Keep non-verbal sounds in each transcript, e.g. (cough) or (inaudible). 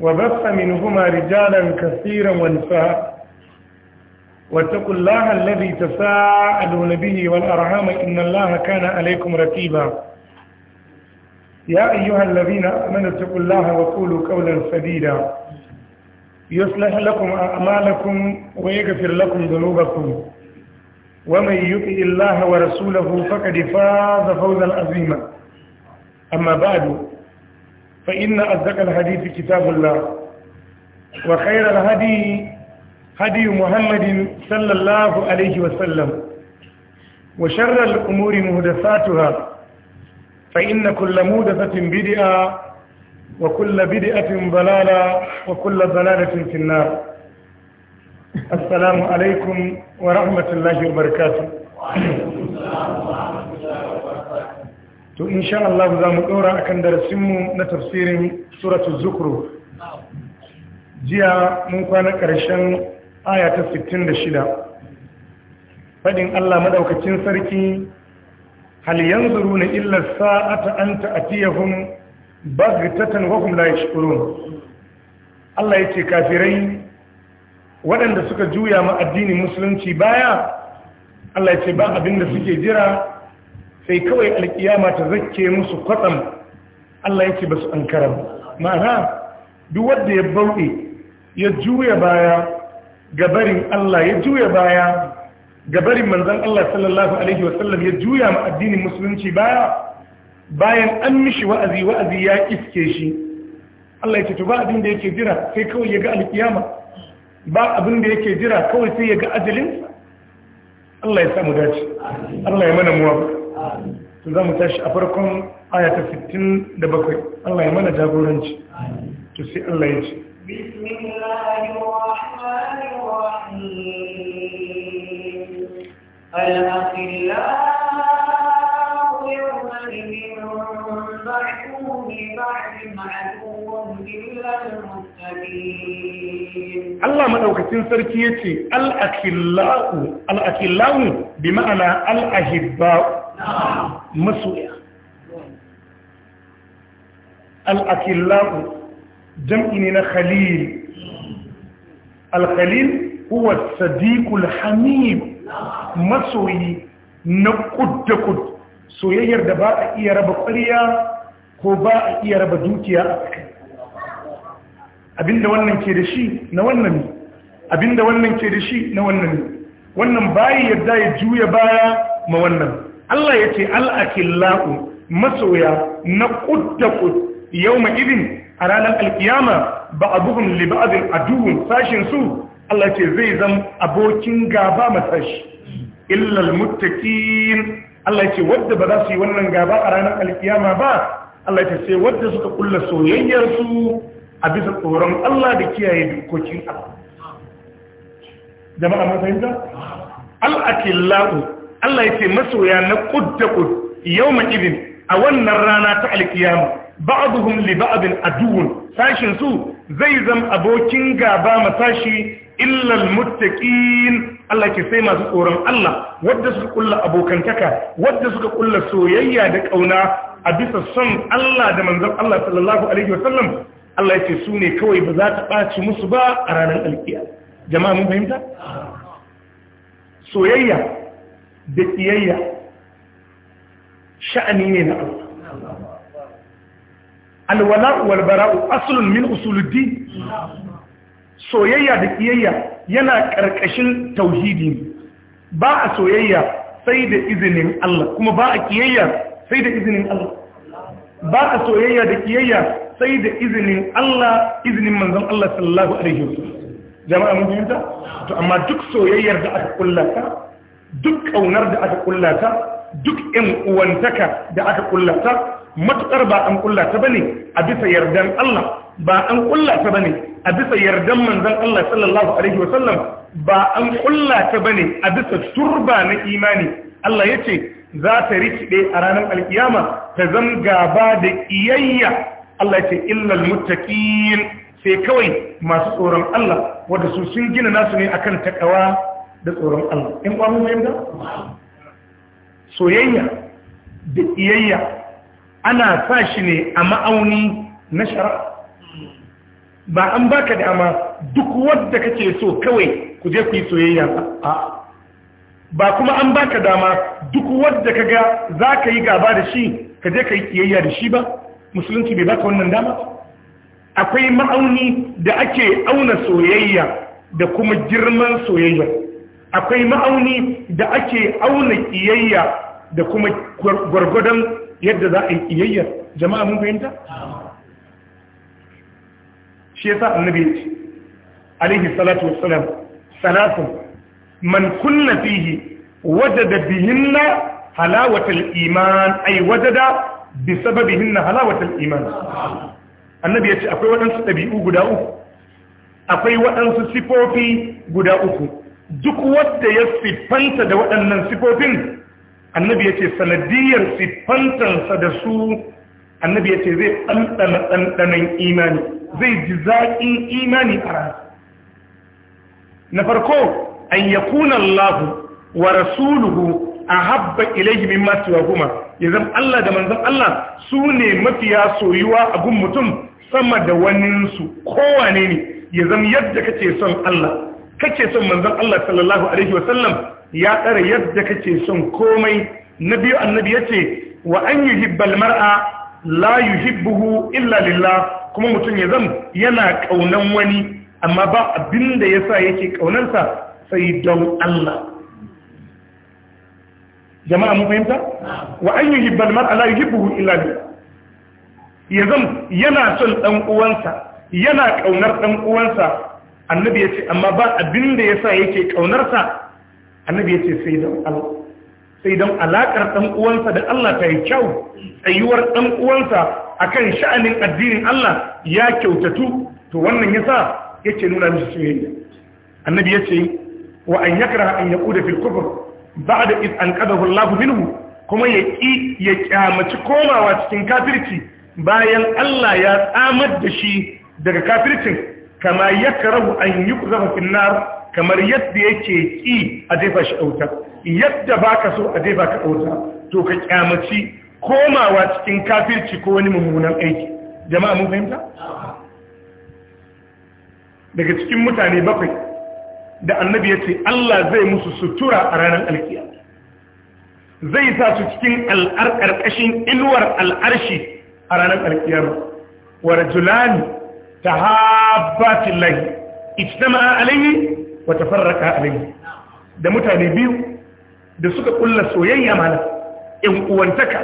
وبث منهما رجالا كثيرا ونساء واتقوا الله الذي تساءلون به والأرحام إن الله كان عليكم رتيبا يا أيها الذين آمنوا اتقوا الله وقولوا قولا سديدا يصلح لكم أعمالكم ويغفر لكم ذنوبكم ومن يطع الله ورسوله فقد فاز فوزا عظيما أما بعد فإن أصدق الحديث كتاب الله وخير الهدي هدي محمد صلى الله عليه وسلم وشر الأمور مهدساتها فإن كل مهدسة بدئة وكل بدئة ضلالة وكل ضلالة في النار السلام عليكم ورحمة الله وبركاته to insha Allah za mu ɗora a kan darasinmu na tafsirin suratu zukru jiya mun kwana ƙarshen aya ta sittin da shida. faɗin Allah maɗaukacin sarki hal yanzuru na illar sa'ata an ba su tattan wakum la yashkurun Allah ce kafirai waɗanda suka juya ma addinin musulunci baya Allah ya ce ba abinda suke jira sai kawai alkiyama ta zakke musu kwatsam Allah yake ba su an karam ma'ana duk wanda ya bauɗe ya juya baya ga barin Allah ya juya baya ga barin manzon Allah sallallahu alaihi wa sallam ya juya ma addinin musulunci baya bayan an mishi wa'azi wa'azi ya iske shi Allah yake to ba abin da yake jira sai kawai ya ga alkiyama ba abin da yake jira kawai sai ya ga ajalinsa Allah ya samu dace Allah ya mana muwafaka za mu tashi a farkon ayata 60 da bakwai Allah ya mana jagoranci to sai Allah ya ce Allah maɗaukacin sarki ya ce al’akillahu bi ma’ana al’ahibba’u masuya الأكلاب جمع من خليل الخليل هو الصديق الحميم مسوي نقد تقد سوية يردباء إيا رب قرية خباء إيا رب دوتيا أبين دوان من كيرشي نوان نمي أبين دوان من كيرشي نوان نمي وان نمباي يدعي جوية بايا موان نمي Allah ya ce al'akillahu masoya na ƙuddaƙud yau ma'idin a ranar alkiyama ba a buhun liba'adin aduhun sashinsu Allah ce zai zan abokin gaba matashi illal muttaƙin Allah ce wadda ba za su yi wannan gaba a ranar alkiyama ba Allah ce sai wadda suka kulla soyayyarsu a bisa tsoron Allah da kiyaye dokokin Allah jama'a mafahimta al'akillahu Allah ya ce masoya na kudda kud yawma a wannan rana ta alkiyama ba'dhum li ba'din aduwwun sashin su zai zama abokin gaba masashi illal muttaqin Allah ke sai masu tsoron Allah wadda suka kulla abokantaka wadda suka kulla soyayya da ƙauna a bisa son Allah da manzan Allah sallallahu alaihi wasallam Allah ya ce su ne kawai ba za ta ɓaci musu ba a ranar alkiya jama'a mun fahimta soyayya da kiyayya sha'ani ne na Allah alwala wal bara'u aslun min usuluddin soyayya da kiyayya yana ƙarƙashin tauhidi ba a soyayya sai da izinin Allah kuma ba a kiyayya sai da izinin Allah ba a soyayya da kiyayya sai da izinin Allah izinin manzan Allah sallallahu alaihi wasallam jama'a mun fahimta to amma duk soyayyar da aka kullata duk ƙaunar da aka ƙullata duk ƴan uwantaka da aka ƙullata matuƙar ba an ba ne. a bisa yardan Allah ba an ba ne. a bisa yardan manzon Allah sallallahu alaihi wasallam ba an ba ne. a bisa turba na imani Allah ce za ta rikide a ranar alkiyama ta zama gaba da iyayya Allah ce illal muttaqin sai kawai masu tsoron Allah wanda su sun gina nasu ne akan takawa da tsoron Allah in kwamin mai da soyayya da iyayya ana sa shi ne a ma'auni na shara ba an baka dama duk wadda kake so kawai ku je ku yi soyayya ba ba kuma an baka dama duk wadda ka ga yi gaba da shi ka je ka yi kiyayya da shi ba musulunci bai baka wannan dama akwai ma'auni da ake auna soyayya da kuma girman soyayya akwai ma'auni da ake auna kiyayya da kuma gwargwadon yadda za a yi kiyayya jama'a mun fahimta shi yasa annabi ya ce alaihi salatu wassalam salatun man kunna fihi wajada bihinna halawatal iman ay wajada bi sababihinna halawatal iman annabi ya ce akwai waɗansu ɗabi'u guda uku akwai waɗansu sifofi guda uku duk wanda ya siffanta da waɗannan sifofin annabi ya ce sanadiyar siffantansa da su annabi ya ce zai ɗanɗana ɗanɗanan imani zai ji zaƙin imani a ransa na farko an ya kunallahu wa rasuluhu a habba ilaihi min masu kuma ya zama Allah da manzan Allah su ne mafiya soyuwa a gun mutum sama da waninsu kowane ne ya zama yadda kace son Allah kake son manzon Allah sallallahu alaihi wa sallam ya tsara yadda kake son komai na biyu annabi ce, wa an yuhibbal mar'a la hibbuhu illa lillah kuma mutum ya zan yana ƙaunan wani amma ba abinda sa yake ƙaunansa sai don Allah jama'a mu fahimta wa an yuhibbal mar'a la hibbuhu illa lillah ya zan yana son ɗan uwansa yana ƙaunar ɗan uwansa annabi ya ce amma ba abin da ya sa yake ƙaunarsa annabi ya ce sai don alaƙar ɗan uwansa da Allah ta yi kyau tsayuwar ɗan uwansa kan sha'anin addinin Allah ya kyautatu to wannan ya sa yake nuna mishi soyayya annabi ya ce wa an yakara an da filkufur ba da an qadahu Allah minhu kuma ya ƙi ya ƙyamaci komawa cikin kafirci bayan Allah ya tsamar da shi daga kafircin kama yakrahu an yi fil nar kamar yadda yake ki a jefa shi auta yadda ba ka so a jefa ka auta to ka ƙyamaci komawa cikin kafirci ko wani mummunan aiki jama'a mun fahimta daga cikin mutane bakwai da annabi ya ce Allah zai musu sutura a ranar alkiya zai sa su cikin ƙarƙashin inuwar al'arshi a ranar alkiyar wa rajulani tahabbatin lahi ijtama'a alayhi wa tafarraqa alayhi da mutane biyu da suka kulla soyayya mana in uwantaka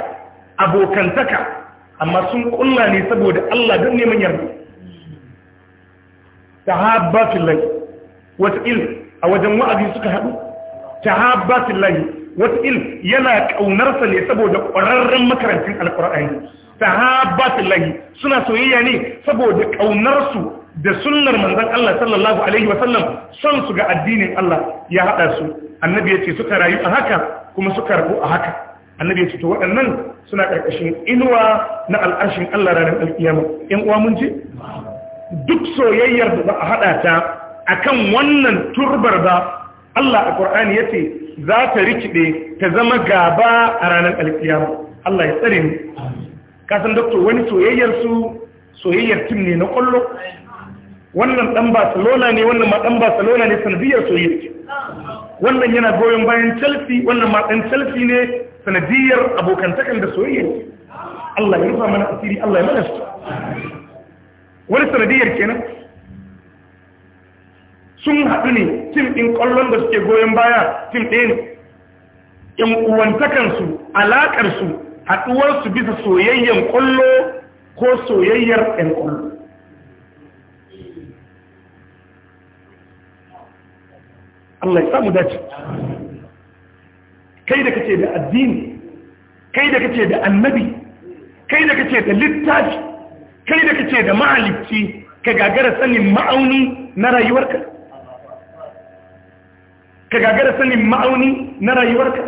abokantaka amma sun kulla ne saboda Allah don neman yarda tahabbatin lahi wata il a wajen wa'azi suka haɗu tahabbatin lahi wata il yana ƙaunarsa ne saboda ƙwararren makarantin alƙur'ani lahi suna soyayya ne saboda ƙaunarsu da sunnar manzon Allah sallallahu alaihi wasallam son su ga addinin Allah ya haɗa su annabi ya ce suka rayu a haka kuma suka rabu a haka annabi ya ce to waɗannan suna ƙarƙashin inuwa na al'arshin Allah ranar alƙiyama, ƴan uwa mun ji duk soyayyar da ba a haɗa ta akan wannan turbar ba Allah a Qur'ani yace za ta rikide ta zama gaba a ranar alƙiyama, Allah ya tsare mu kasan doktor wani soyayyar su soyayyar tim ne na kwallo wannan dan barcelona ne wannan ma dan barcelona ne sanadiyar soyayyar wannan yana goyon bayan chelsea wannan ma dan chelsea ne sanadiyar abokantakan da soyayyar Allah ya rufa mana asiri Allah ya mana wani sanadiyar kenan sun haɗu ne tim ɗin kwallon da suke goyon baya tim ɗin ‘yan uwantakansu alaƙarsu haɗuwarsu bisa soyayyen ƙullo ko soyayyar ɗan ƙullo Allah ya samu dace kai da kace da addini kai da kace da annabi kai da kace da littafi kai da kace da mahalicci ka gagara sanin ma'auni na rayuwarka ka gagara sanin ma'auni na rayuwarka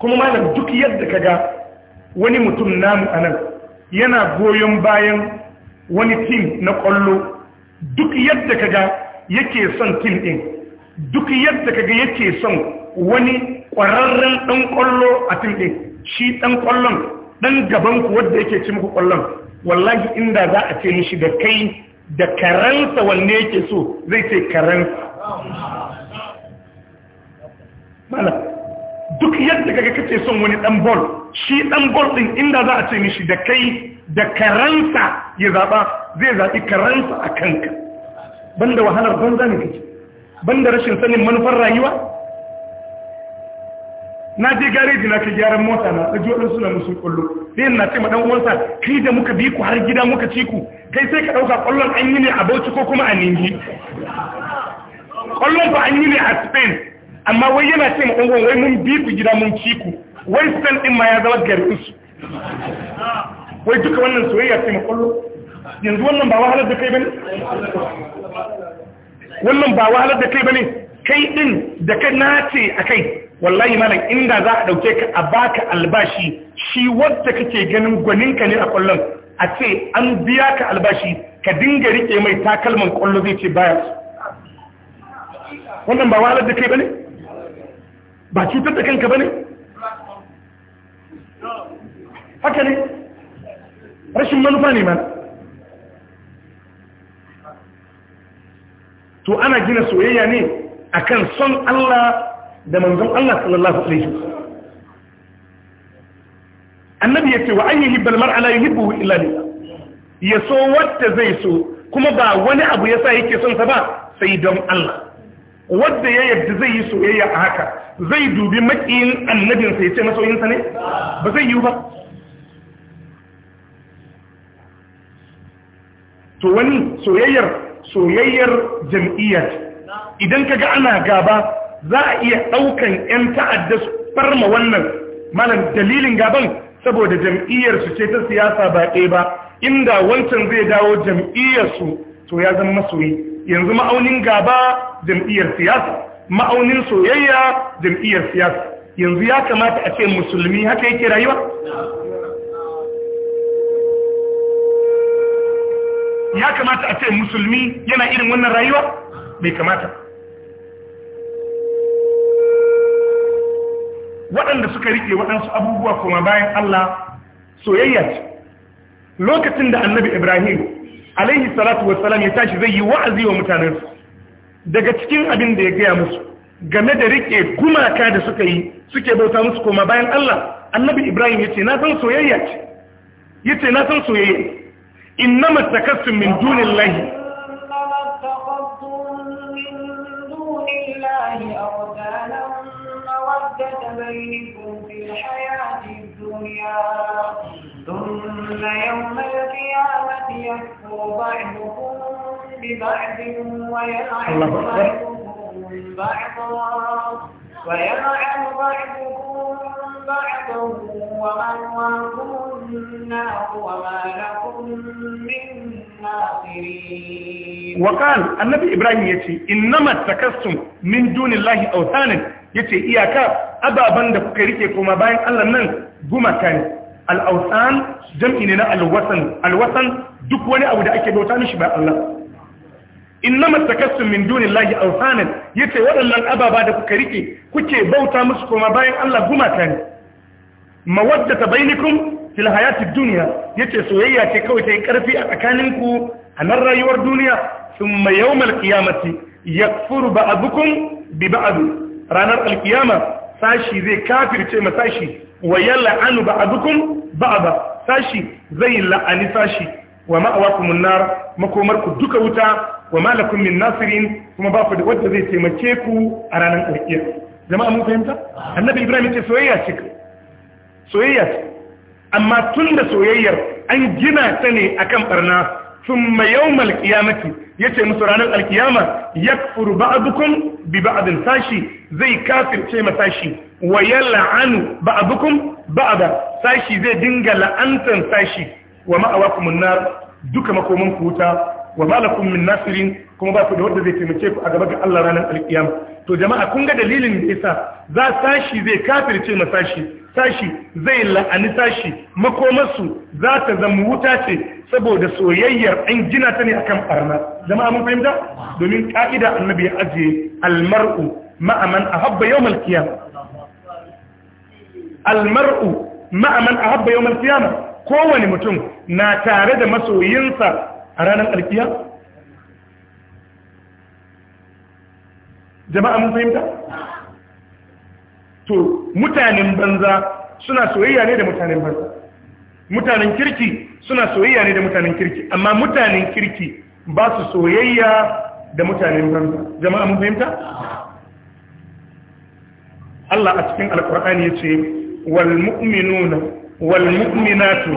kuma malam duk yadda ka ga wani mutum namu a nan yana goyon bayan wani tim na kwallo duk yadda kaga yake son tim ɗin, duk yadda ka kaga yake son wani ƙwararren dan kwallo a tim ɗin, shi dan kwallon dan gaban ku wanda yake ci muku kwallon wallahi inda za a ce mishi da kai da karansa wanne yake so zai ce karansa duk yadda kaga kake son wani dan bol shi dan bol din inda za a ce mishi da kai da karansa ya zaba zai zabi karansa a kanka banda wahalar banza ne kake banda rashin sanin manufar rayuwa na je gareji na kai gyaran mota na tsaji waɗansu suna musu ƙwallo sai na ce maɗan uwansa kai da muka bi ku har gida muka ci ku kai sai ka ɗauka ƙwallon an yi ne a bauchi ko kuma a Ningi (laughs) ƙwallon ku an yi ne a spain amma wai yana ce ma wai mun bi ku gida mun ci ku wai san ɗin ma ya zama garin su wai duka wannan soyayya ce ma yanzu wannan ba wahalar da kai bane wannan ba wahalar da kai bane kai ɗin da ka nace kai, wallahi malam inda za a ɗauke ka a baka albashi shi wadda kake ganin gwaninka ne a ƙwallon a ce an biya ka albashi ka dinga rike mai takalman ƙwallo zai ce baya wannan ba wahalar da kai bane ba cutar da kanka ba ne haka ne rashin manufa ne ma to ana gina soyayya ne akan son Allah da manzon Allah sallallahu alaihi Annabi ya ce wa an yuhibbu al-mar'a la yuhibbu illa Ya yaso wanda zai so kuma ba wani abu yasa yake son sa ba sai don Allah wadda ya yarda zai yi soyayya a haka zai dubi makiyin annabinsa ya ce masoyinsa ne ba zai yi ba to wani soyayyar soyayyar jam'iyyar idan ka ga ana gaba za a iya ɗaukan 'yan ta'adda su farma wannan malam dalilin gaban saboda jam'iyyar su ce ta siyasa ba ɗaya ba inda wancan zai dawo jam'iyyar su to ya zama masoyi yanzu ma'aunin gaba jam'iyyar siyasa ma'aunin soyayya jam'iyyar siyasa yanzu ya kamata a ce musulmi haka yake rayuwa ya kamata a ce musulmi yana irin wannan rayuwa bai kamata waɗanda suka riƙe waɗansu abubuwa kuma bayan Allah soyayya ce lokacin da annabi ibrahim alaihi salatu wasalam ya tashi zai yi wa'azi wa mutanensu daga cikin abin da ya gaya musu game da rike gumaka da suka yi suke bauta musu koma bayan Allah annabi Ibrahim yace na san soyayya ce yace na san soyayya innama takassum min dunillahi ثم يوم القيامة يكفر بعضكم ببعض ويلعن بعضكم بعضا ويلعن بعضكم بعضا ومأواكم النار وما لكم من ناصرين وقال النبي إبراهيم يتي إنما اتكستم من دون الله أوثانا يتي إياكا ababen da kuka rike kuma bayan Allah nan gumaka ne al'ausan jam'i ne na alwasan alwasan duk wani abu da ake bauta mishi ba Allah inna takassun min dunillahi Ya yace waɗannan ababa da kuka rike kuke bauta musu koma bayan Allah gumata ne mawaddata bainakum fil duniya. Ya yace soyayya ce kawai ta karfi a tsakaninku a nan rayuwar duniya thumma yawmal qiyamati yakfuru ba'dukum bi ranar alqiyama sashi zai kafirce ma sashi wa yal'anu ba'dukum ba'da sashi zai la'ani sashi wa ma'awakumun nar makomarku duka wuta wa malakun min nasirin kuma ba ku da wanda zai taimake ku a ranar ƙarƙiyar jama'a mun fahimta annabi ibrahim ce soyayya ce soyayya ce amma tun da soyayyar an gina ta ne akan barna ma yawmal ya ce musu ranar ya furu ba'dukum bi ba'din sashi zai kafirce ma sashi wa yal'anu ba'dukum ba'da sashi zai dinga la'antan sashi wa ma'awakumun nar duka makoman kuta. wuta wa malakum min nasirin kuma ba ku da wanda zai taimake ku a gaba ga Allah ranar alkiyama to jama'a kun ga dalilin da yasa za sashi zai kafirce ma sashi sashi zai la'ani sashi makomarsu za ta zama wuta ce saboda soyayyar an gina ta ne akan barna jama'a mun fahimta domin ka'ida annabi ya ajiye almar'u ma'aman ahabba yawmal qiyam almar'u ma'aman ahabba yawmal qiyam kowane mutum na tare da masoyinsa a ranar alkiya jama'a mun fahimta to mutanen banza suna soyayya ne da mutanen banza mutanen kirki suna soyayya ne da mutanen kirki amma mutanen kirki ba su soyayya da mutanen banza jama'a mun fahimta Allah a cikin alkur'ani ya ce wal mu'minuna wal mu'minatu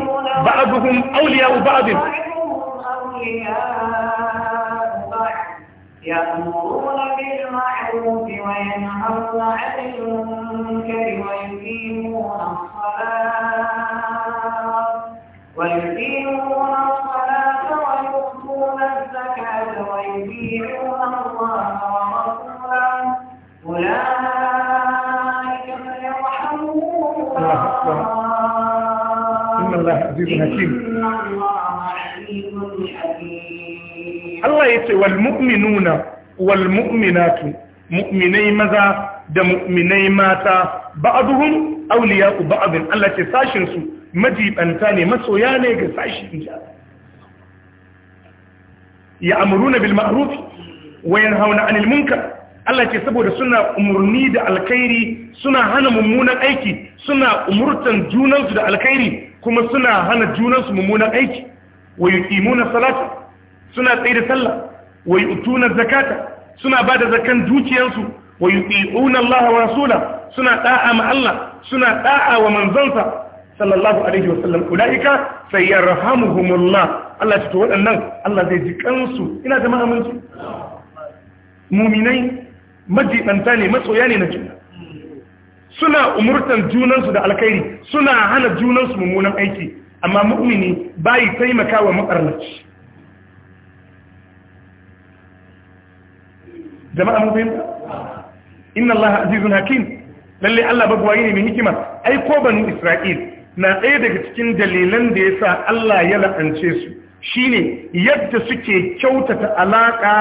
ba'duhum awliya'u ba'd يأمرون بالمعروف وينهون عن المنكر ويقيمون الصلاة ويقيمون الصلاة ويؤتون الزكاة ويطيعون الله ورسوله أولئك سيرحمهم الله إن الله عزيز حكيم Allah ya ce wal mu'minuna wal mu'minatu mu'minai maza da mu'minai mata ba'aduhum awliya'u ba'adin Allah ce sashin su majibanta ne masoya ne ga sashi inji ya amuruna bil ma'ruf wa yanhauna 'anil munkar Allah ce saboda suna umurni da alkhairi suna hana mummunan aiki suna umurtan junansu da alkhairi kuma suna hana junansu mummunan aiki wa yuqimuna salata suna tsaye da sallah wa yu'tuna zakata suna bada zakan dukiyansu wa yuti'una Allah wa rasula suna da'a ma Allah suna da'a wa manzansa sallallahu alaihi wa sallam ulaika sayarhamuhumullah Allah ya to waɗannan Allah zai ji kansu ina jama'a mun ji mu'minai majibanta ne masoya ne na juna suna umurtan junansu da alkhairi suna hana junansu mummunan aiki amma mu'mini bai taimaka wa makarnaci jama'a mun fahimta inna allaha azizun hakim lalle allah bagwaye ne mai hikima ai ko banu isra'il na ɗaya daga cikin dalilan da ya sa Allah ya la'ance su shine yadda suke kyautata alaƙa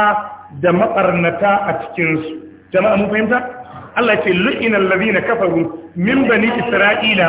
da maɓarnata a cikinsu jama'a mun fahimta Allah ce lu'inan na kafaru min bani isra'ila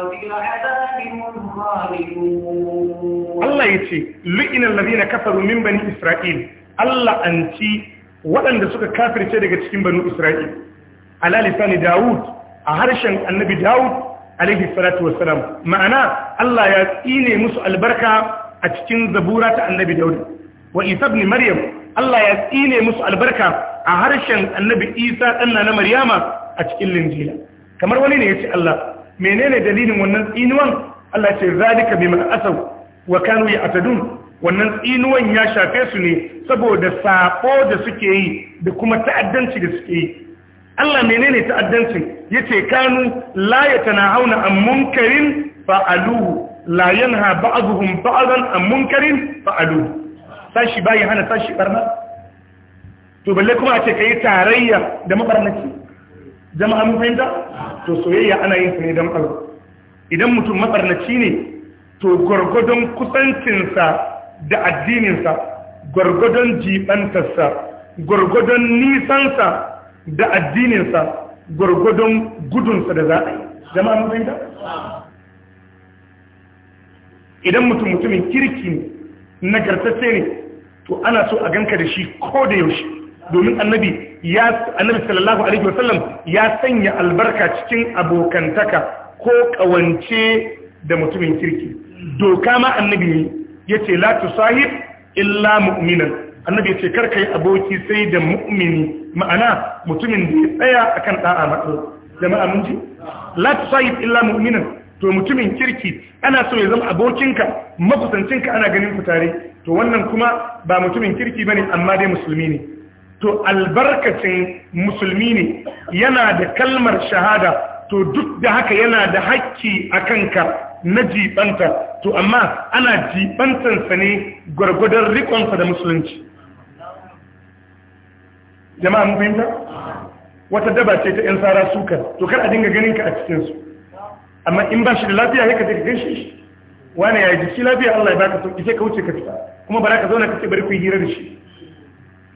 Allah ya ce, Lu'inan lalina kafaru min bani Isra'il, Allah an ci waɗanda suka kafirce daga cikin banu Isra'il. Ala lisani Dawud, a harshen annabi Dawud, alaihi salatu wassalam. Ma'ana, Allah ya tsine musu albarka a cikin zabura ta annabi Dawud. Wa Isa Maryam, Allah ya tsine musu albarka a harshen annabi Isa ɗanna na Maryama a cikin linjila. Kamar wani ne ya ce Allah, menene dalilin wannan tsinuwan Allah ce zalika bima asaw wa kanu ya'tadun wannan tsinuwan ya shafe su ne saboda sabo da suke yi da kuma ta'addanci da suke yi Allah menene ta'addanci yace kanu la yatanahawna an munkarin fa'aluhu la yanha ba'dhum ba'dan an munkarin fa'aluhu sashi bai hana sashi barna to balle kuma a ce kai tarayya da mabarnaci jama'a mun fahimta to soyayya ana yin ne don Allah idan mutum matsarnaci ne to gwargwadon kusancinsa da addininsa gwargwadon jibantarsa gwargwadon nisansa da addininsa gwargwadon gudunsa da za a yi jama'a mun fahimta idan mutum mutumin kirki ne nagartacce ne to ana so a ganka da shi ko da yaushe domin annabi ya annabi sallallahu alaihi wasallam ya sanya albarka cikin abokantaka ko kawance da mutumin kirki doka ma annabi yace la tusahib illa mu'minan annabi yace kar kai aboki sai da mu'mini ma'ana mutumin da ya tsaya akan da'a mako jama'a mun ji la tusahib illa mu'minan to mutumin kirki ana so ya zama abokinka makusancinka ana ganin ku tare to wannan kuma ba mutumin kirki bane amma dai musulmi ne to albarkacin musulmi ne yana da kalmar shahada to duk da haka yana da hakki a kanka na jibanta to amma ana jibantansa ne gwargwadon rikonsa da musulunci jama'a mu fahimta wata daba ce ta yan tsara sukar, to kar a dinga ganin ka a cikinsu, amma in ba shi da lafiya ya ka je ka gaishe shi wani ya ji shi lafiya Allah ya baka sauki sai ka wuce ka fita kuma ba za ka zauna ka ce bari ku yi hira da shi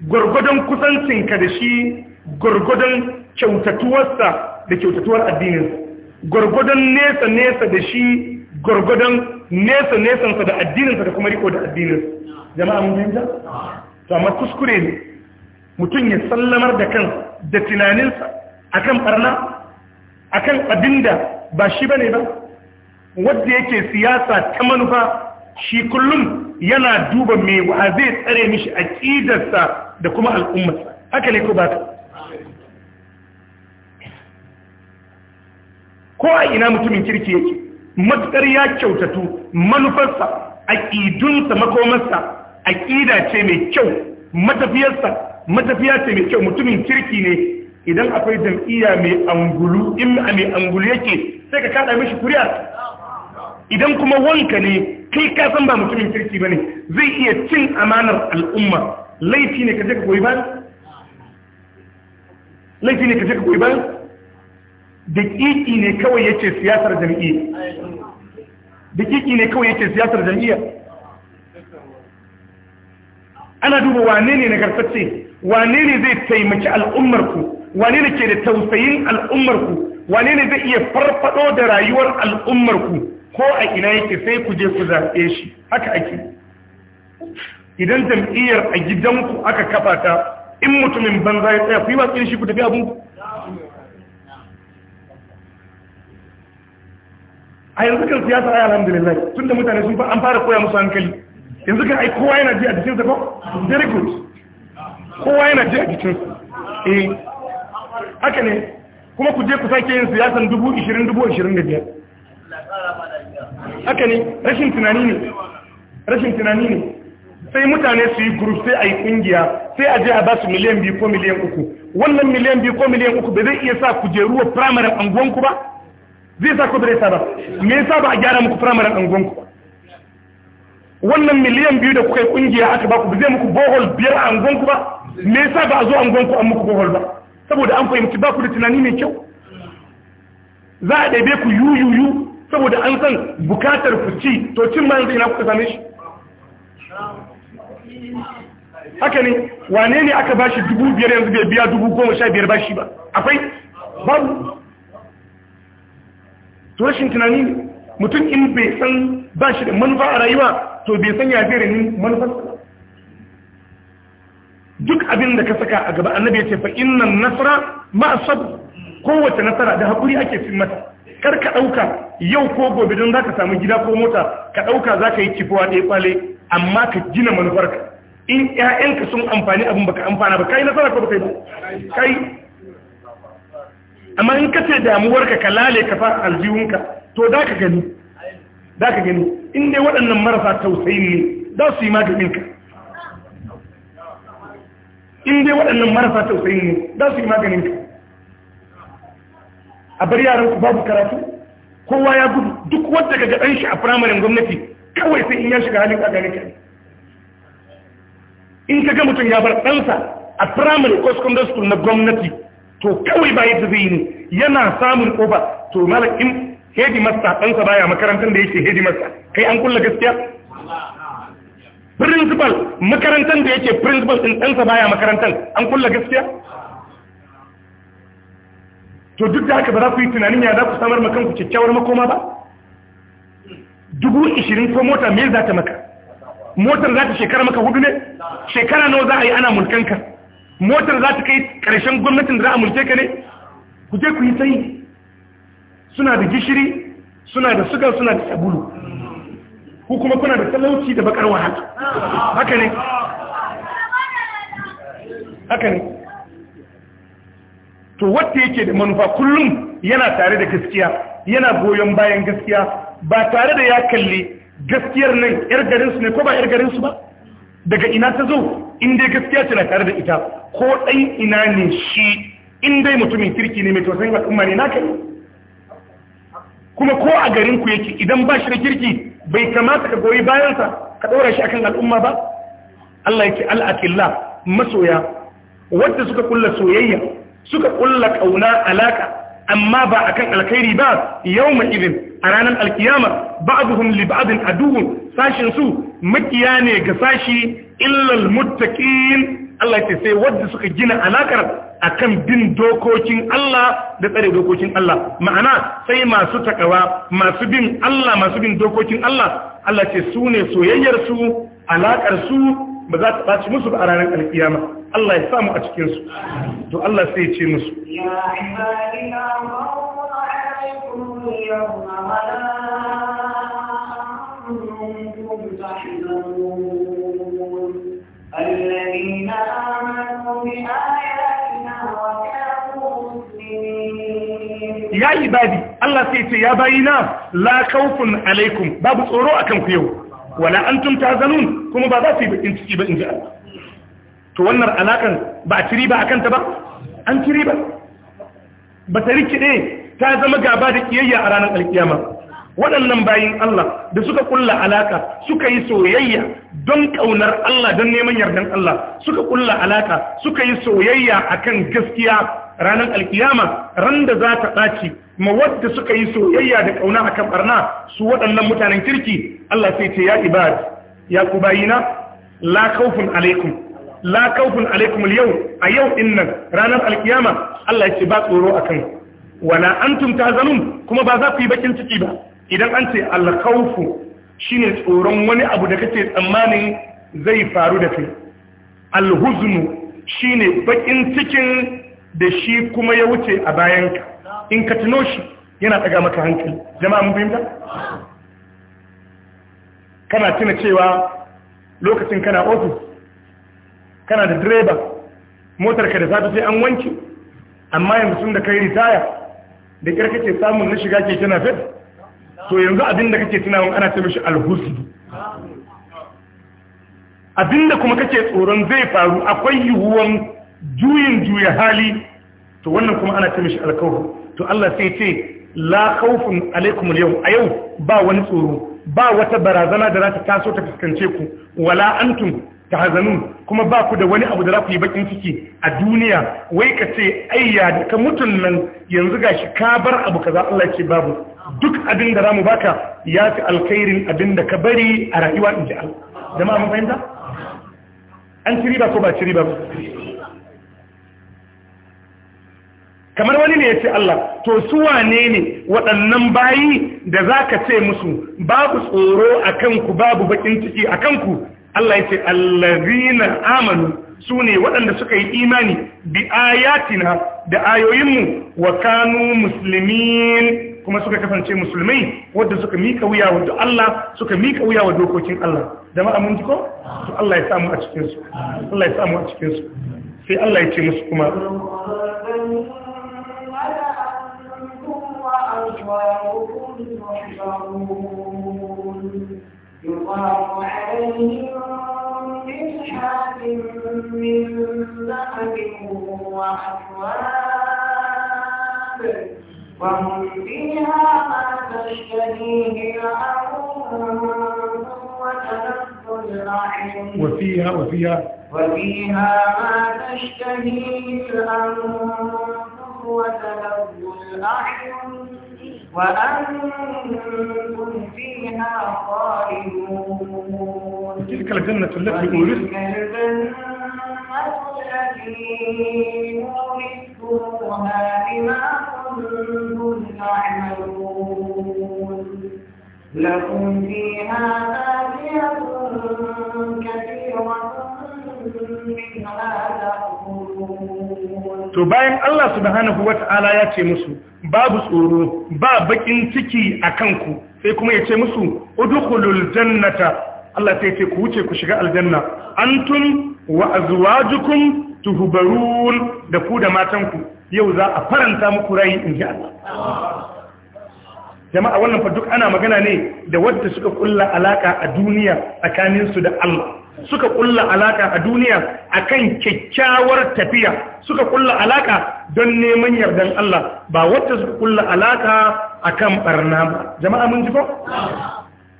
gwargwadon kusancinka da shi gwargwadon kyautatuwarsa da kyautatuwar addininsa gwargwadon nesa-nesa da shi gwargwadon nesa-nesansa da addininsa da kuma riko da addininsa jama'a mun fahimta? to amma kuskure ne mutum ya sallamar da kan da tunaninsa akan barna akan abinda ba shi bane ba wanda yake siyasa ta manufa shi kullum yana duba mai wa zai tsare mishi aqidarsa da kuma al'umma. haka ne ko ba ta ko a ina mutumin kirki yake matukar ya kyautatu manufarsa ƙidunsa makomarsa aƙida ce mai kyau matafiyarsa matafiya ce mai kyau mutumin kirki ne idan akwai jam'iyya mai angulu in a mai angulu yake sai ka kada mishi kuri'a idan kuma wanka ne kai kasan ba mutumin kirki ba ne zai iya cin amanar al'umma laifi ne ka je ka koyi ba? laifi ne ka je ka koyi ba? da kiki ne kawai yace siyasar jam'iyya da kiki ne kawai yace siyasar jam'iyya ana duba wane ne na nagartacce wane ne zai taimaki al'ummar ku wane ne ke da tausayin al'ummar ku wane ne zai iya farfado da rayuwar al'ummar ku ko a ina yake sai ku je ku zaɓe shi haka ake idan jam'iyyar a gidanku aka kafa ta in mutumin banza ya tsaya ku yi watsi shi ku tafi abu? a yanzu kan siyasa ai alhamdulillah tunda mutane sun fa an fara koya musu hankali yanzu kan ai kowa yana ji a jikinsa ko very good kowa yana ji a jikinsa eh haka ne kuma ku je ku sake yin siyasan dubu ishirin dubu ishirin da biyar haka ne rashin tunani ne rashin tunani ne sai mutane su yi group sai a yi kungiya sai a je a ba su miliyan biyu ko miliyan uku wannan miliyan biyu ko miliyan uku ba zai iya sa ku je ruwa firamaren anguwanku ba zai sa ku bai sa ba me yasa ba a gyara muku firamaren anguwanku ba wannan miliyan biyu da kuka yi kungiya aka ba ku zai muku bohol biyar a anguwanku ba me yasa ba a zo anguwanku an muku bohol ba saboda an fahimci ba ku da tunani mai kyau za a ɗaibe ku yuyuyu saboda an san bukatar ku ci to cin ma yanzu ina kuka same shi haka ne wane ne aka bashi dubu biyar yanzu bai biya dubu goma sha biyar bashi ba akwai babu to rashin tunani ne mutum in bai san bashi da manufa a rayuwa to bai san ya zai renin manufarsa duk abin da ka saka a gaba annabi ya ce fa innan nasara ma kowace nasara da hakuri ake cin mata kar ka ɗauka yau ko gobe don zaka samu gida ko mota ka ɗauka zaka yi kifuwa ɗaya kwale amma ka gina manufarka in ƴaƴanka sun amfani abin baka amfana ba kai nasara ko baka yi ba kai amma in ka ce damuwarka ka lale ka fa aljihunka to da ka gani da ka gani in dai waɗannan marasa tausayin ne za su yi maganin ka in dai waɗannan marasa tausayin ne za su yi maganin ka a bar yaran ku babu karatu kowa ya gudu duk wanda ga ɗan shi a firamarin gwamnati kawai sai in ya shiga halin kagari kai in ka ga mutum ya bar ɗansa a primary ko secondary school na gwamnati to kawai ba yadda zai yi ne yana samun ƙofa to malam in masta ɗansa baya makarantar da yake masta, kai an kulla gaskiya principal makarantar da yake principal ɗin ɗansa baya makarantar an kulla gaskiya to duk da haka ba za ku yi tunanin ya za ku samar makanku kyakkyawar makoma ba dubu ishirin ko mota me za ta maka motar za ta shekara maka hudu ne shekara nawa za a yi ana mulkanka motar za ta kai karshen gwamnatin da za a mulke ka ne ku je ku yi sai suna da gishiri suna da sugar suna da sabulu ku kuma kuna da talauci da bakar wahala haka ne haka ne to wacce yake da manufa kullum yana tare da gaskiya yana goyon bayan gaskiya ba tare da ya kalli gaskiyar nan yar garinsu ne ko ba yar garinsu ba daga ina ta zo in gaskiya ce na tare da ita ko dai ina ne shi in mutumin kirki ne mai tausayin al'umma ne naka ne kuma ko a garin ku yake idan ba shi da kirki bai kamata ka goyi bayan sa ka ɗora shi akan al'umma ba Allah yake al'akilla masoya wanda suka kulla soyayya suka kulla kauna alaka amma ba akan alkhairi ba yau mai irin a ranar alkiyama ba'duhum li ba'din aduwwun sashin su makiya ne ga sashi illal muttaqin Allah ya sai wanda suka gina alakar akan bin dokokin Allah da tsare dokokin Allah ma'ana sai masu takawa masu bin Allah masu bin dokokin Allah Allah ce su ne soyayyar su ba za ta ɓaci musu ba a ranar alkiyama Allah ya samu a cikinsu to Allah sai ya ce musu ya عليكم اليوم ولا أنتم تحزنون الذين آمنوا بآياتنا وكانوا مسلمين يا عبادي الله سيتي يا باينا لا خوف عليكم باب tsoro akan ku yau wala antum tazanun kuma ba za su yi bakin ciki ba in ji Allah to wannan alakan ba a ciri ba akan ta ba an ciri ba ba ta rikide ta zama gaba da kiyayya a ranar alkiyama waɗannan bayin Allah da suka kulla alaka suka yi soyayya don ƙaunar Allah don neman yardan Allah suka kulla alaka suka yi soyayya akan gaskiya ranar alkiyama ran da za ta ɓaci ma wadda suka yi soyayya da ƙauna akan barna su waɗannan mutanen kirki Allah sai ce ya ibad ya ku bayina la khawfun alaikum la khawfun alaikum yau a yau din ranar alkiyama Allah ya ce ba tsoro akan wala antum tazalun kuma ba za ku yi bakin ciki ba idan an ce alkhawfu shine tsoron wani abu da kake tsammanin zai faru da kai alhuznu shine bakin cikin da shi kuma ya wuce a bayanka in ka tuno shi yana daga maka hankali jama'a mun fahimta kana tuna cewa lokacin kana ofis kana da direba motarka da safe sai an wanke amma yanzu sun da kai ritaya da kyar kake samun na shiga ke na fit to yanzu abin da kake tunawa ana ta mishi alhusudu abin kuma kake tsoron zai faru akwai yiwuwan juyin juya hali to wannan kuma ana ta mishi alkawar to Allah sai ce la khawfun alaikum al-yawm a yau ba wani tsoro ba wata barazana da za ta taso ta fuskance ku wala antum tahzanun kuma ba ku da wani abu da za ku yi bakin ciki a duniya wai ka ce ayya da ka mutun nan yanzu gashi ka bar abu kaza Allah ya ce babu duk abin da zamu baka ya fi alkhairin abin da ka bari a rayuwa inji Allah jama'a mun fahimta an ci riba ko ba ci riba ba kamar wani ne ya ce Allah to su wane ne waɗannan bayi da za ka ce musu babu tsoro a kanku babu bakin ciki a kanku Allah ya ce allazina amanu sune waɗanda suka yi imani bi ayatina da ayoyinmu wa kanu muslimin kuma suka kasance musulmai wadda suka mika wuya wadda Allah suka mika wuya wa dokokin Allah da ma'amun ko to Allah ya samu a cikin su Allah ya samu a cikin su sai Allah ya ce musu kuma Thank يطاف عليهم من وأكواب وهم فيها ما تشتهيه وفيها وفيها وفيها ما تشتهيه الأنفس وتلذ الأعين وأنتم فيها خالدون تلك الجنة التي أورثت التي أورثتموها بما كنتم تعملون لكم فيها فاكهة to bayan Allah subhanahu wata'ala ya ce musu babu tsoro ba bakin ciki a kanku sai kuma ya ce musu udkhulul jannata Allah sai ce ku wuce ku shiga aljanna antum wa azwajukum tuhbarun da ku da matanku yau za a faranta muku rai in ji Allah jama'a wannan fa duk ana magana ne da wanda suka kulla alaka a duniya tsakaninsu da Allah suka kulla alaka a duniya akan kyakkyawar tafiya suka kulla alaka don neman yardan Allah ba wata suka kulla alaka a kan barna ba jama'a mun ji ko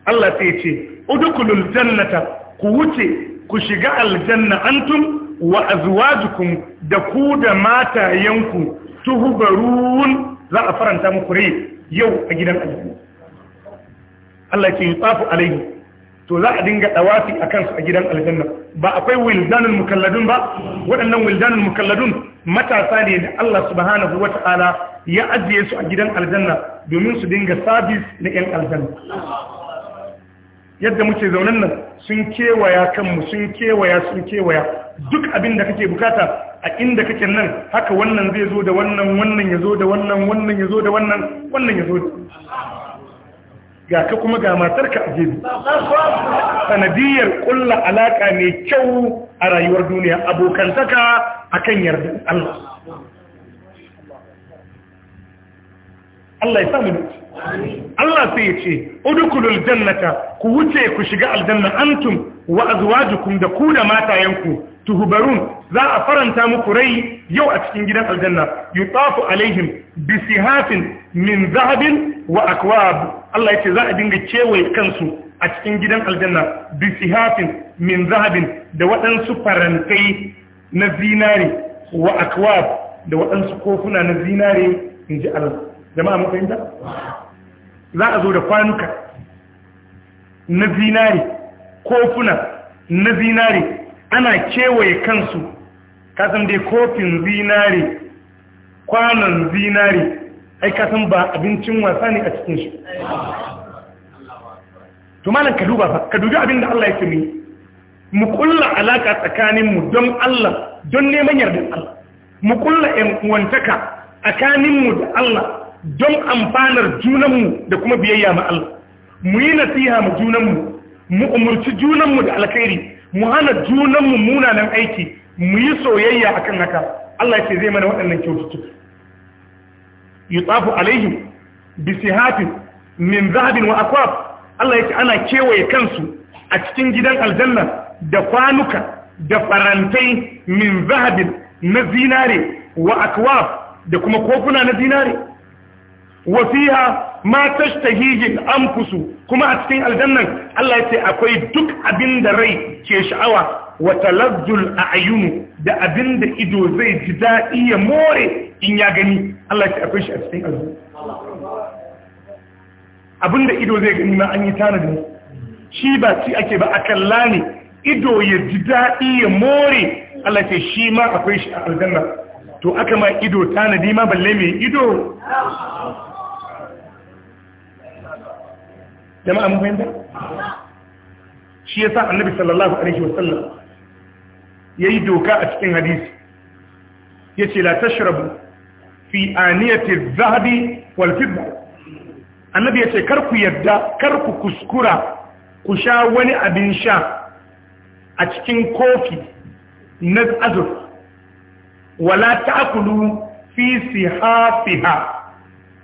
Allah sai ce udkhulul jannata ku wuce ku shiga aljanna antum wa azwajukum da ku da matayenku tuhbarun za a faranta muku rai yau a gidan aljanna Allah ke yi alaihi to za a dinga dawafi a kansu a gidan aljanna ba akwai wildanul mukalladun ba waɗannan wildanul mukalladun matasa ne da Allah subhanahu wata'ala ya ajiye su a gidan aljanna domin su dinga sabis na yan aljanna yadda muke zaunan nan sun kewaya kanmu sun kewaya sun kewaya duk abin da kake bukata a inda kake nan haka wannan zai zo da wannan wannan ya zo da wannan wannan ya zo da wannan wannan ya zo da ga ka kuma ga matarka a jeji sanadiyar kulla alaka mai kyau a rayuwar duniya abokantaka kan yarda Allah Allah ya samu nufi Allah sai ya ce udukulul jannata ku wuce ku shiga aljanna antum wa azwajukum da ku da matayenku tuhbarun za a faranta muku rai yau a cikin gidan aljanna yutafu alaihim bisihafin min zahabin wa akwab Allah ya ce za a dinga cewaye kansu a cikin gidan aljanna bi sihafin min zahabin da waɗansu farantai na zinare wa akwab da waɗansu kofuna na zinare inji Allah jama'a mun fahimta za a zo da kwanuka na zinare kofuna na zinare ana kewaye kansu kasan dai kofin zinare kwanon zinare ai ka san ba abincin wasa ne a cikin shi to malan ka duba fa ka dubi abin da Allah yake mu mu kulla alaka tsakanin mu don Allah don neman yardan Allah mu kulla in uwantaka tsakanin mu da Allah don amfanar junan mu da kuma biyayya ma Allah mu yi nasiha mu junan mu mu umurci junan mu da alkhairi mu hana junan mu munanan aiki mu yi soyayya akan haka Allah ya ce zai mana waɗannan kyautuka yutafu alaihim Bisihafin, min zahabin wa akwab Allah yake ana kewaye kansu a cikin gidan aljanna da kwanuka da farantai min zahabin na zinare wa da kuma kofuna na zinare wa fiha ma tashtahihi anfusu kuma a cikin aljannan Allah yake akwai duk abin da rai ke sha'awa Wata wa a Ayyunu da abinda ido zai ji daɗi ya more in ya gani Allah ya akwai shi a cikin azu abinda ido zai gani ma an yi tanadin shi ba ci ake ba a akalla ne ido ya ji daɗi ya more Allah ce shi ma akwai shi a aljanna to aka ma ido tanadi ma balle mai ido jama'a mun fahimta shi ya yasa annabi sallallahu alaihi wasallam yayi doka a cikin hadisi yace la tashrabu fi aniyati adh wal fidda annabi yace ce ku yadda kar ku kuskura ku sha wani abin sha a cikin kofi na azur wala ta'kulu fi sihafiha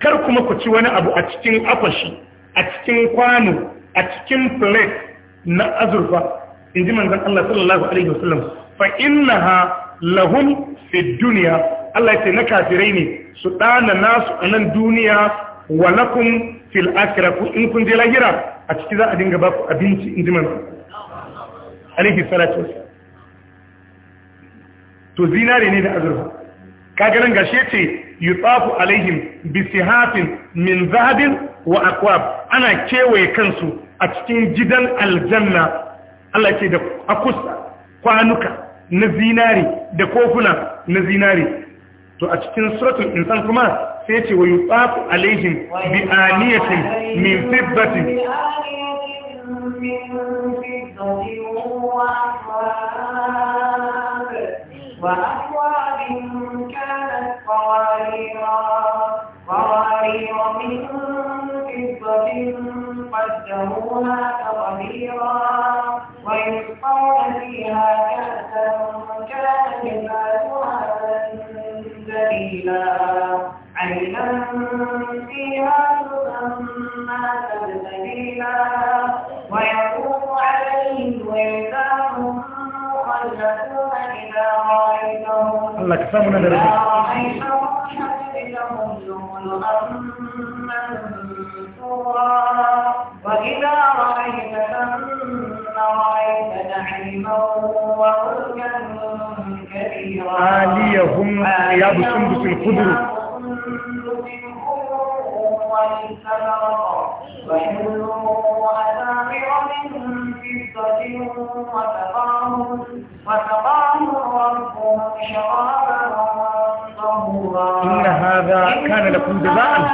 kar kuma ku ci wani abu a cikin akwashi a cikin kwano a cikin plate na azurfa in ji manzan Allah sallallahu Alaihi wasallam fa innaha lahum fi duniya. Allah ce na kafirai ne su ɗana nasu a nan duniya wa lakum fil ku in kun je lahira a ciki za a dinga ba ku abinci in ji manzo salatu to zinare ne da azurfa kagaran gashe ce yutsafu alaihim bisihafin min zahabin wa akwab ana kewaye kansu a cikin gidan aljanna Allah ce da akusa kwanuka na zinari da kofuna na zinari to a cikin suratul insan kuma sai ce wa yutsafu alaihim bi aniyatin min fiddatin قوارير من فضة قدروها تقديرا ويسقون فيها كأسا كان مزاجها سبيلا عينا فيها تسمى سلسبيلا ويطوف عليهم ولدان مخلدون إذا رأيتهم إذا رأيتهم منثورا وإذا رأيت ثم رأيت نعيما وملكا كبيرا عاليهم ثياب سندس الخضر وحلوا أساور من فضة وسقاهم ربهم شرابا إن هذا كان لكم جزاء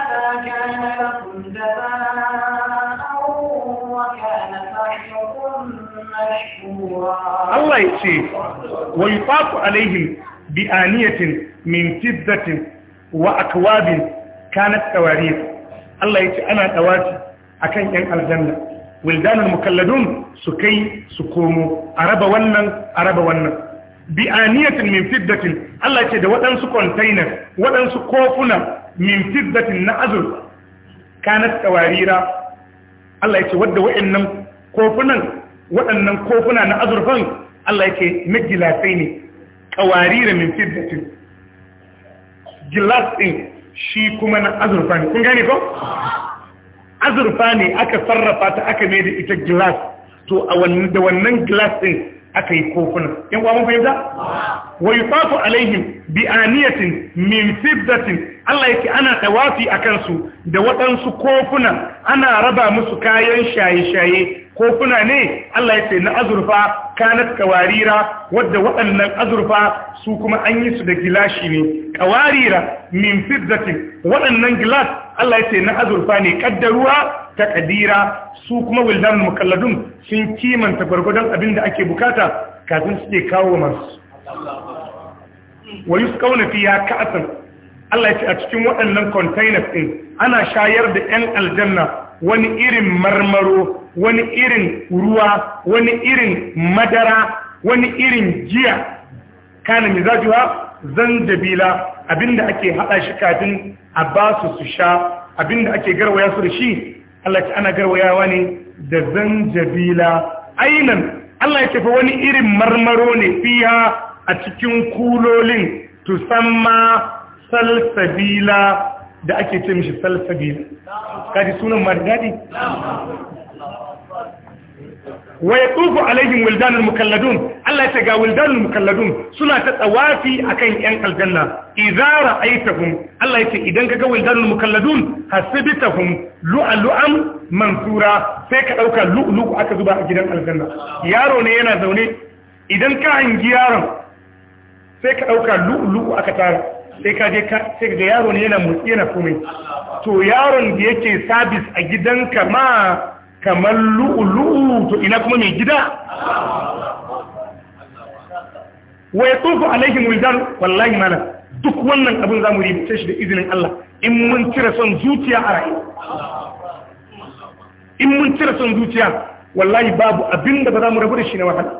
الله يشي ويطاف عليهم بآنية من فضة وأكواب كانت تواريخ الله يشي أنا تواتي أكن أن الجنة ولدان المكلدون سكي سكومو أرب ونن أرب ونن bi aniyatin min fiddatin Allah ce da waɗansu container waɗansu kofuna min fiddatin na azurfa kanat kawarira Allah ce wadda waɗannan kofunan waɗannan kofuna na azurfan Allah yake na gilasai ne kawarira min fiddatin gilas ɗin shi kuma na azurfa ne kun gane ko azurfa ne aka sarrafa ta aka mai da ita gilas to a wannan da wannan gilas din aka yi kofuna yan kwa fahimta wa yutafu alaihim bi aniyatin min fiddatin Allah yake ana tawafi a kansu da waɗansu kofuna ana raba musu kayan shaye-shaye kofuna ne Allah yake na azurfa kanat kawarira wadda waɗannan azurfa su kuma an yi su da gilashi ne kawarira min fiddatin waɗannan gilas Allah yake na azurfa ne kaddaruwa takadira su kuma wildan mukalladun sun kimanta gwargwadon abin da ake bukata kafin suke kawo masu wa kaunafi ya ka'san Allah ya ce a cikin waɗannan containers ɗin ana shayar da 'yan aljanna wani irin marmaro wani irin ruwa wani irin madara wani irin jiya kana mizajuwa zanjabila abinda ake haɗa shi kafin a basu su su sha abinda ake garwaya su da shi Allah ce ana garwayawa ne da zanjabila ainan Allah ya ce wani irin marmaro ne fiya a cikin kulolin tusamma salsabila da ake ce mishi salsabila kaji sunan margadi wa yatufu alaihim wildanul mukalladun Allah ya ce ga wildanul mukalladun suna ta tsawafi akan yan aljanna idza ra'aitahum Allah ya ce idan ka kaga wildanul mukalladun hasibtahum lu'lu'am mansura sai ka dauka lu'lu aka zuba a gidan aljanna yaro ne yana zaune idan ka hangi yaron sai ka dauka lu'lu aka tara sai ka je sai ga yaro ne yana motsi yana komai to yaron da yake sabis a gidanka ma kamar lu'ulu'u to ina kuma mai gida wa ya tofu alaihim wildan wallahi mana duk wannan abin za mu ribuce shi da izinin Allah in mun cire son zuciya a rayuwa in mun cire son zuciya wallahi babu abin da ba za mu rabu da shi na wahala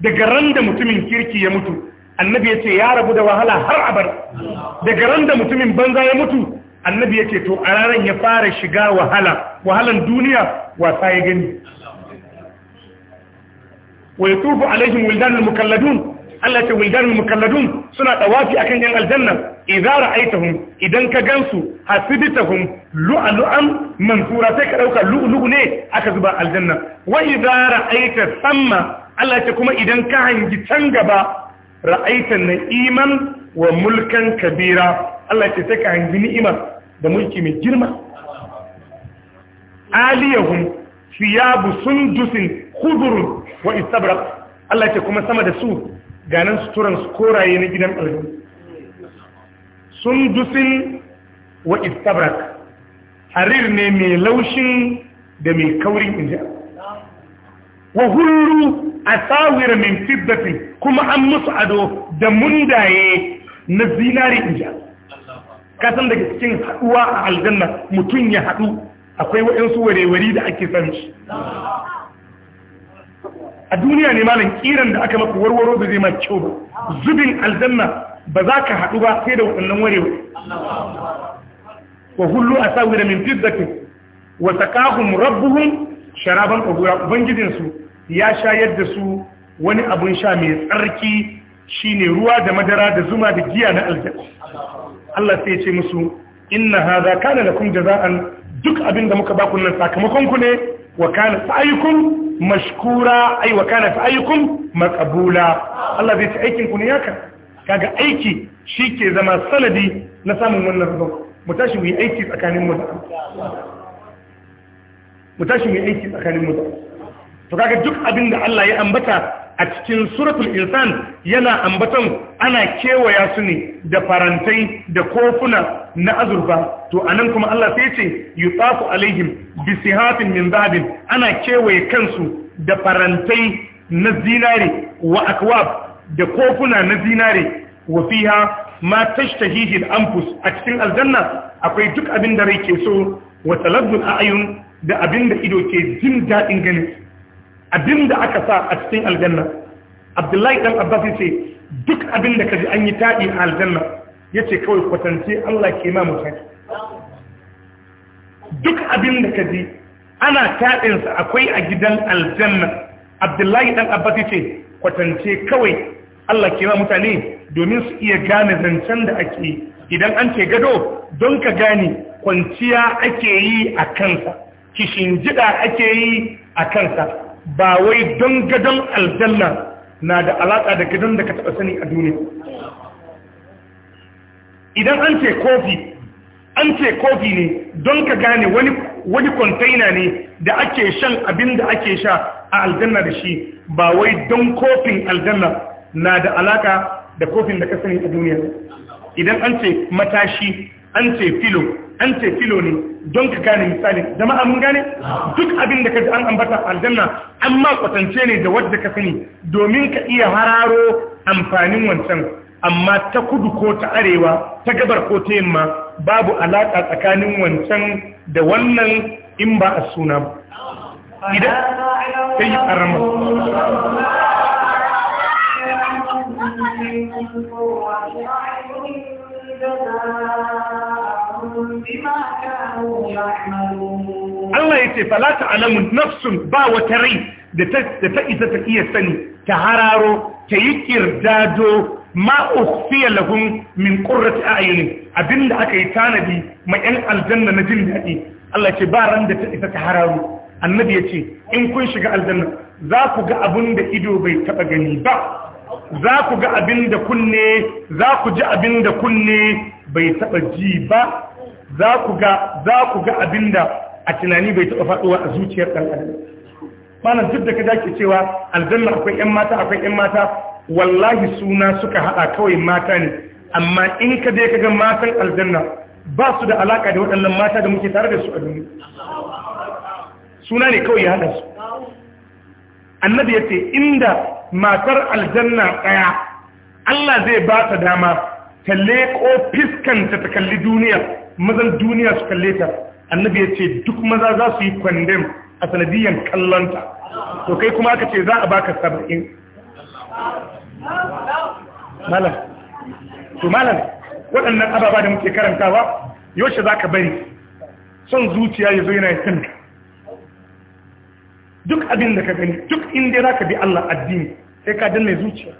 daga ran da mutumin kirki ya mutu annabi ya ce ya rabu da wahala har abar daga ran da mutumin banza ya mutu annabi ya ce to a ranar ya fara shiga wahala wahalan duniya wasa ya gani wa yatufu alaihim wildanul mukalladun Allah ce wildanul mukalladun suna dawafi akan yan aljanna idza ra'aitahum idan ka gansu hasibtahum lu'lu'an mansura sai ka dauka lu'lu'u ne aka zuba aljanna wa idza ra'aita thamma Allah ce kuma idan ka hangi can gaba ra'aita na'iman wa mulkan kabira Allah ce sai ka hangi ni'ima da mulki mai girma Aliyahu siyabu sundusin khudurun wa istabraq Allah ce kuma sama da su ganin suturan su koraye na gidan aljanna sundusin wa istabraq harir ne mai laushin da mai kaurin inji wa a asawir min fiddati kuma an musu ado da mundaye na zinari inji kasan daga cikin haɗuwa a aljanna mutum ya haɗu. akwai waɗansu warewari da ake san shi a duniya ne malam kiran da aka maka warwaro da zai ma kyau ba zubin aljanna ba za ka haɗu ba sai da waɗannan warewari wa hullu a sawi da mintis da ke wa sakahun rabbuhun sharaban ƙagura ubangijinsu ya shayar da su wani abun sha mai tsarki shine ruwa da madara da zuma da giya na aljanna Allah sai ya ce musu inna hadha kana lakum jaza'an duk abin da muka ba ku nan sakamakon ku ne wa kana sa'ayukum mashkura ay wa kana sa'ayukum maqbula Allah zai ci aikin ku ne yaka kaga aiki shi ke zama sanadi na samun wannan rabo mu tashi mu yi aiki tsakanin mu mu tashi mu yi aiki tsakanin mu to kaga duk abin da Allah ya ambata a cikin suratul insan yana ambaton ana kewaya su ne da farantai da kofuna na azurfa to anan kuma Allah sai ce yutafu alaihim bi sihatin min zahabin ana kewaye kansu da farantai na zinare wa akwab da kofuna na zinare wa fiha ma tashtahihi al-anfus a cikin aljanna akwai duk abin da rai ke so wa talabbul a'yun da abin da ido ke jin dadin ganin abin da aka sa a cikin aljanna abdullahi dan abbas yace duk abin da kaji an yi taɗi a aljanna yace kawai kwatance Allah ke ma mutane duk abin da kaji ana taɗinsa akwai a gidan aljanna abdullahi dan abbas yace kwatance kawai Allah ke ma mutane domin su iya gane zancen da ake idan an ce gado don ka gane kwanciya ake yi a kansa kishin jida ake yi a kansa ba wai don gadon aljanna na da alaƙa da gadon da ka taɓa sani a duniya idan an ce kofi an ce kofi ne don ka gane wani kwantaina ne da ake shan abin da ake sha a aljanna da shi ba wai don kofin aljanna na da alaƙa da kofin da ka sani a duniya idan an ce matashi an ce filo an ce filo ne don ka gane misali jama'a mun gane duk abin da ka ji an ambata aljanna amma kwatance ne da wadda ka sani domin ka iya hararo amfanin wancan amma ta kudu ko ta arewa ta gabar ko ta yamma babu alaka tsakanin wancan da wannan in ba a suna ba idan ta yi Thank you. Allah ya ce falata Alamu nafsun ba wata rai da ta isa ta iya sani ta hararo ta yi kirdado ma'ufiya lahun min ƙurrati a abinda aka yi tanadi mai ‘yan aljanna na jin daɗi Allah ce ba ran da ta isa ta hararo annabi ya ce in kun shiga aljanna za ku ga abin da ido bai taɓa gani ba za ku ga abin da kunne za ku ji abin da kunne bai taba ji ba za ku ga za ku ga abin da a tunani bai taba faduwa a zuciyar ɗan adam mana duk da ka dake cewa aljanna akwai ƴan mata akwai ƴan mata wallahi suna suka hada kawai mata ne amma in ka je ka ga matan aljanna ba su da alaka da waɗannan mata da muke tare da su a duniya suna ne kawai ya hada su annabi yace inda matar aljanna ɗaya Allah zai ba ta dama ta leƙo fiskanta ta kalli duniya mazan duniya su kalle ta annabi ya ce duk maza za su yi kwandem a sanadiyyar kallonta to kai kuma aka ce za a baka saba'in malam to malam waɗannan ababa da muke karantawa yaushe za ka bari son zuciya ya zo yana yi duk abin da ka gani duk inda za ka bi Allah addini sai ka danne zuciya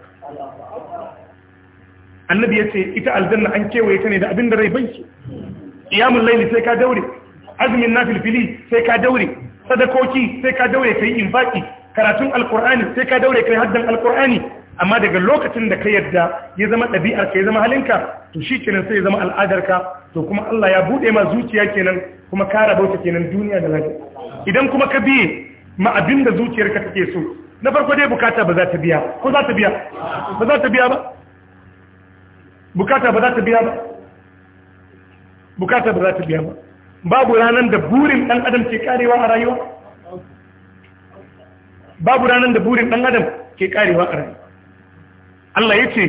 annabi ya ce ita aljanna an kewaye ta ne da abin da rai banki iyamun laili sai ka daure azumin na filfili sai ka daure sadakoki sai ka daure ka yi infaki karatun alkur'ani sai ka daure ka yi haddan alkur'ani amma daga lokacin da ka yarda ya zama ɗabi'ar ka ya zama halinka to shi kenan sai ya zama al'adarka to kuma Allah ya buɗe ma zuciya kenan kuma ka rabauta kenan duniya da lafiya idan kuma ka biye ma abin da zuciyarka take so na farko dai bukata ba za ta biya ko za ta biya ba za ta biya ba bukata ba za ta biya ba bukata ba za ta biya ba babu ranar da burin dan adam ke karewa a rayuwa babu ranar da burin dan adam ke karewa a rayuwa Allah ya ce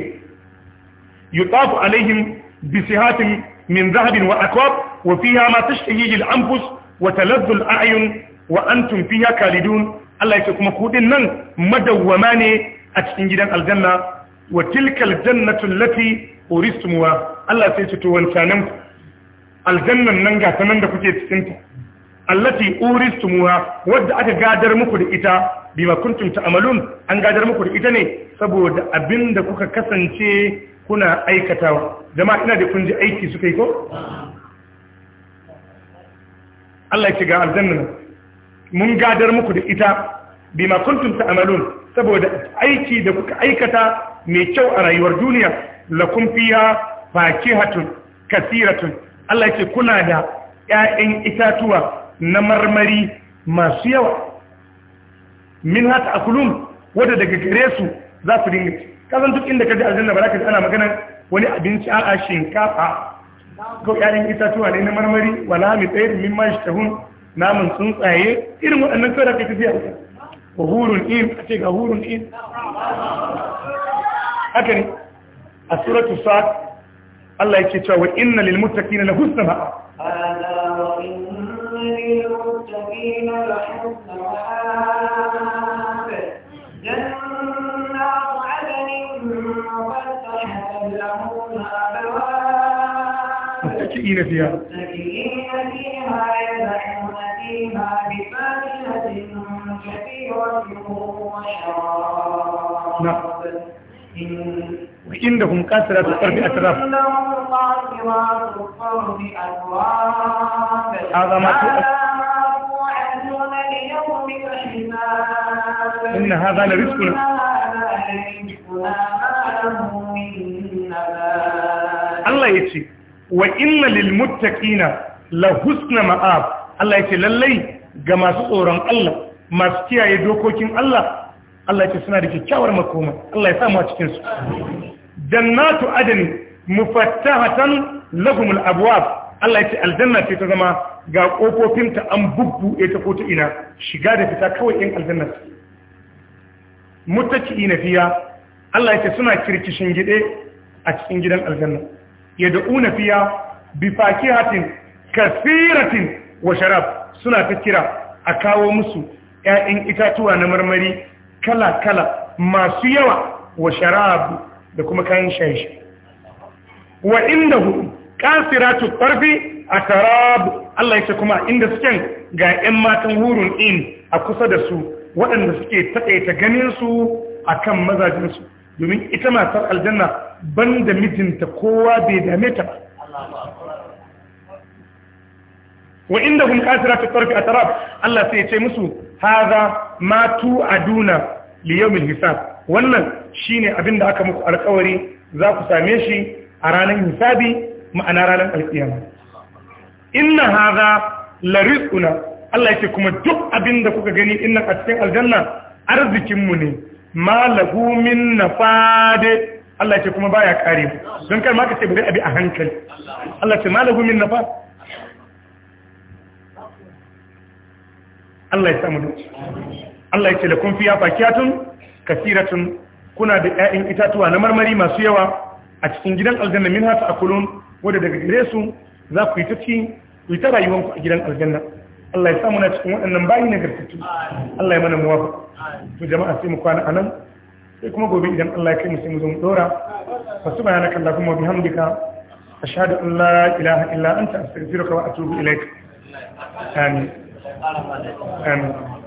yutafu alaihim bisihatin min zahabin wa akwab wa ma tashtahihi anfus wa taladdu ayun wa antum fiha kalidun Allah yake kuma kudin nan madawwama ne a cikin gidan aljanna wa tilkal jannatu allati uristumuha Allah sai ce to wancanan aljannan nan ga sanan da kuke cikin ta allati uristumuha wadda aka gadar muku da ita bima kuntum ta'malun an gadar muku da ita ne saboda abinda kuka kasance kuna aikatawa jama'a ina da kun ji aiki suka yi ko Allah ya ce ga aljannan mun gadar muku da ita bima kuntum ta'malun saboda aiki da kuka aikata mai kyau a rayuwar duniya lakum fiha fakihatun kaseeratun Allah yake kuna da ƴaƴan itatuwa na marmari masu yawa min hata akulum wanda daga gare su za su dinga kazan duk inda kaje aljanna baraka ana magana wani abinci a'a shinkafa ko ƴaƴan itatuwa ne na marmari wala mi tsayir min ma tahun namun tsuntsaye irin waɗannan kai da kai tafiya wa hurun in a ce ga hurun in haka ne a suratu sa'ad Allah yake cewa wa inna lil muttaqina la husna ma'a ina fiya لهم كثرة القرب أتراف عظمة إن هذا لرزق Allah ya ce, wa inna lilmuttaƙina la husna ma'ab, Allah ya ce lallai ga masu tsoron Allah, masu kiyaye dokokin Allah, Allah ya ce suna da kyakkyawar makoma, Allah ya samu a cikinsu. jannatu adani mufattahatan lahumul abwab Allah ya ce aljanna ce ta zama ga kofofinta an bubbuɗe ta kota ina shiga da fita kawai in aljanna ce mutaci na fiya Allah ya ce suna kirkishin gide a cikin gidan aljanna ya una fiya bi fakihatin kasiratin wa sharab suna ta kira a kawo musu ƴaƴan itatuwa na marmari kala kala masu yawa wa sharab da kuma kayan shaye-shaye wa inda hu kasiratu tarfi a tarab Allah ya ce kuma inda suke ga 'yan matan hurun in a kusa da su waɗanda suke taɗaita ganinsu a kan mazajensu, domin ita matar aljanna ban da mijinta kowa bai dame ta wa inda hun kasira ta a tarab Allah sai ya ce musu haza matu a aduna liyawmin hisab wannan shi ne abin da aka muku alkawari za ku same shi a ranar hisabi ma'ana ranar alkiyama inna hadha la rizquna Allah yake kuma duk abin da kuka gani inna a cikin aljanna arzikinmu ne ma lahu min nafade Allah yake kuma baya kare mu don kar ma ka ce bari abi a hankali Allah ce ma lahu min nafade Allah ya samu dace Allah yake lakum fiya fakiyatun kasiratun kuna da ƴaƴan itatuwa na marmari masu yawa a cikin gidan aljanna min hata akulun wanda daga gare su za ku yi ta ci ku yi ta a gidan aljanna Allah ya samu na cikin waɗannan bayi na gartattu Allah ya mana muwafa to jama'a sai mu kwana anan sai kuma gobe idan Allah ya kai mu sai mu zo mu dora fa subhanaka allahumma wa bihamdika ashhadu an la ilaha illa anta astaghfiruka wa atubu ilaik amin amin